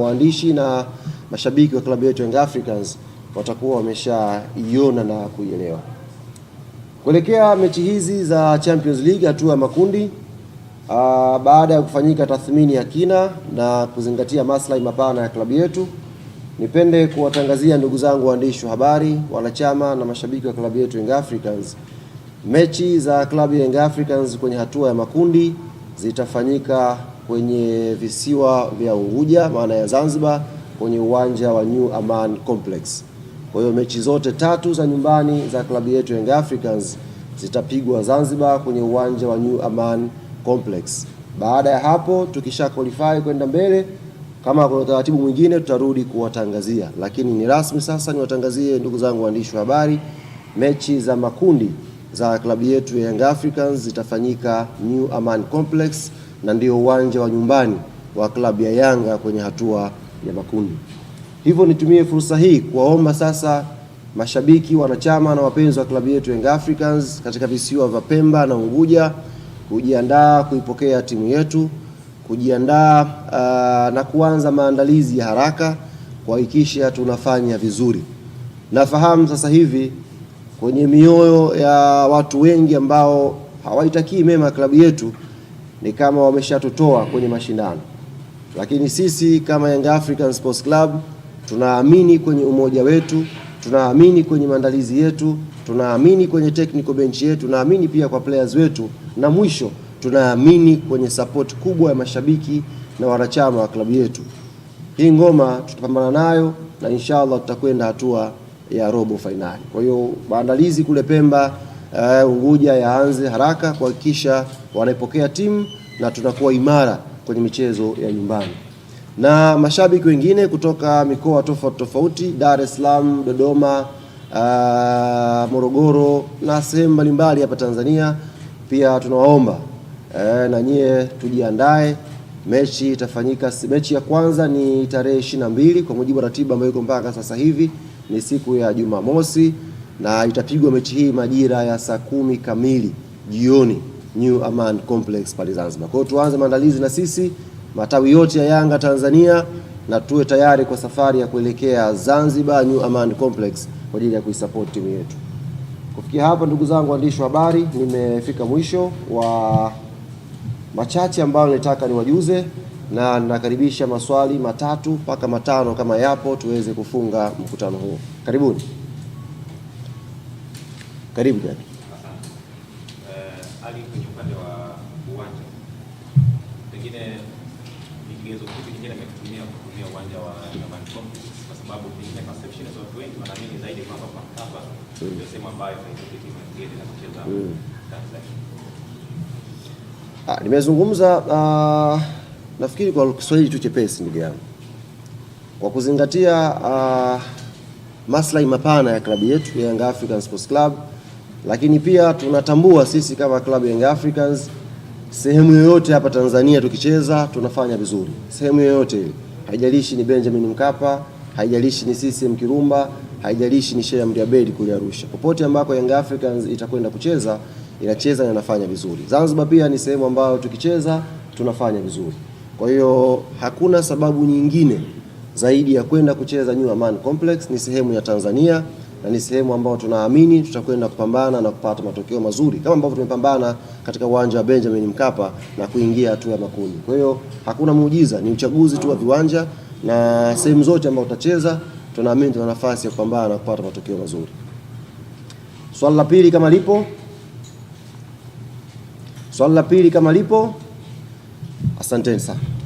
waandishi na mashabiki wa klabu yetu Young Africans watakuwa wameshaiona na kuielewa. Kuelekea mechi hizi za Champions League hatua ya makundi aa, ah, baada ya kufanyika tathmini ya kina na kuzingatia maslahi mapana ya klabu yetu, nipende kuwatangazia ndugu zangu waandishi wa habari, wanachama na mashabiki wa klabu yetu Young Africans, mechi za klabu ya Young Africans kwenye hatua ya makundi zitafanyika kwenye visiwa vya Unguja maana ya Zanzibar kwenye uwanja wa New Aman Complex. Kwa hiyo mechi zote tatu za nyumbani za klabu yetu Young Africans zitapigwa Zanzibar kwenye uwanja wa New Aman Complex. Baada ya hapo tukisha qualify kwenda mbele, kama kuna utaratibu mwingine tutarudi kuwatangazia, lakini ni rasmi sasa. Niwatangazie ndugu zangu waandishi wa habari, mechi za makundi za klabu yetu ya Young Africans zitafanyika New Aman Complex na ndio uwanja wa nyumbani wa klabu ya Yanga kwenye hatua ya makundi. Hivyo nitumie fursa hii kuwaomba sasa mashabiki, wanachama na wapenzi wa klabu yetu Young Africans katika visiwa vya Pemba na Unguja kujiandaa kuipokea timu yetu, kujiandaa uh, na kuanza maandalizi ya haraka kuhakikisha tunafanya vizuri. Nafahamu sasa hivi kwenye mioyo ya watu wengi ambao hawaitakii mema klabu yetu ni kama wameshatutoa kwenye mashindano, lakini sisi kama Young African Sports Club tunaamini kwenye umoja wetu, tunaamini kwenye maandalizi yetu, tunaamini kwenye technical bench yetu, tunaamini pia kwa players wetu, na mwisho tunaamini kwenye support kubwa ya mashabiki na wanachama wa klabu yetu. Hii ngoma tutapambana nayo na inshallah tutakwenda hatua ya robo fainali. Kwa hiyo maandalizi kule Pemba uh, Unguja yaanze haraka kuhakikisha wanaipokea timu na tunakuwa imara kwenye michezo ya nyumbani. Na mashabiki wengine kutoka mikoa tofauti tofauti, Dar es Salaam, Dodoma, uh, Morogoro na sehemu mbalimbali hapa Tanzania, pia tunawaomba uh, na nyie tujiandae. Mechi itafanyika, mechi ya kwanza ni tarehe 22 na mbili kwa mujibu wa ratiba ambayo iko mpaka sasa hivi, ni siku ya Jumamosi na itapigwa mechi hii majira ya saa kumi kamili jioni New Aman Complex pale Zanzibar. Kwa hiyo tuanze maandalizi na sisi matawi yote ya Yanga Tanzania na tuwe tayari kwa safari ya kuelekea Zanzibar New Aman Complex kwa ajili ya kuisupport timu yetu. Kufikia hapa, ndugu zangu waandishi wa habari, nimefika mwisho wa machache ambayo nataka niwajuze, na nakaribisha maswali matatu mpaka matano kama yapo, tuweze kufunga mkutano huu. Karibuni. Karibu dada. Eh, Ali, kwenye upande wa uwanja pengine ni kigezo kipi kingine ametumia kutumia uwanja wa Complex, kwa sababu pengine perception za watu wengi wanaamini zaidi kwamba mm. ndio sehemu ambayo na kucheza mm. Ah, nimezungumza uh, nafikiri kwa Kiswahili tu chepesi ndugu yangu, kwa kuzingatia uh, maslahi mapana ya klabu yetu ya Young African Sports Club lakini pia tunatambua sisi kama klabu Young Africans, sehemu yoyote hapa Tanzania tukicheza tunafanya vizuri, sehemu yoyote ile, haijalishi ni Benjamin Mkapa, haijalishi ni CCM Kirumba, haijalishi ni Sheikh Amri Abeid kule Arusha, popote ambako Young Africans itakwenda kucheza inacheza na inafanya vizuri. Zanzibar pia ni sehemu ambayo tukicheza tunafanya vizuri. Kwa hiyo hakuna sababu nyingine zaidi ya kwenda kucheza New Amaan Complex, ni sehemu ya Tanzania na ni sehemu ambayo tunaamini tutakwenda kupambana na kupata matokeo mazuri kama ambavyo tumepambana katika uwanja wa Benjamin Mkapa na kuingia hatua ya makundi. Kwa hiyo hakuna muujiza, ni uchaguzi tu wa viwanja na sehemu zote ambazo tutacheza tunaamini tuna nafasi ya kupambana na kupata matokeo mazuri. Swali la pili kama lipo. Swali la pili kama lipo. Asanteni sana.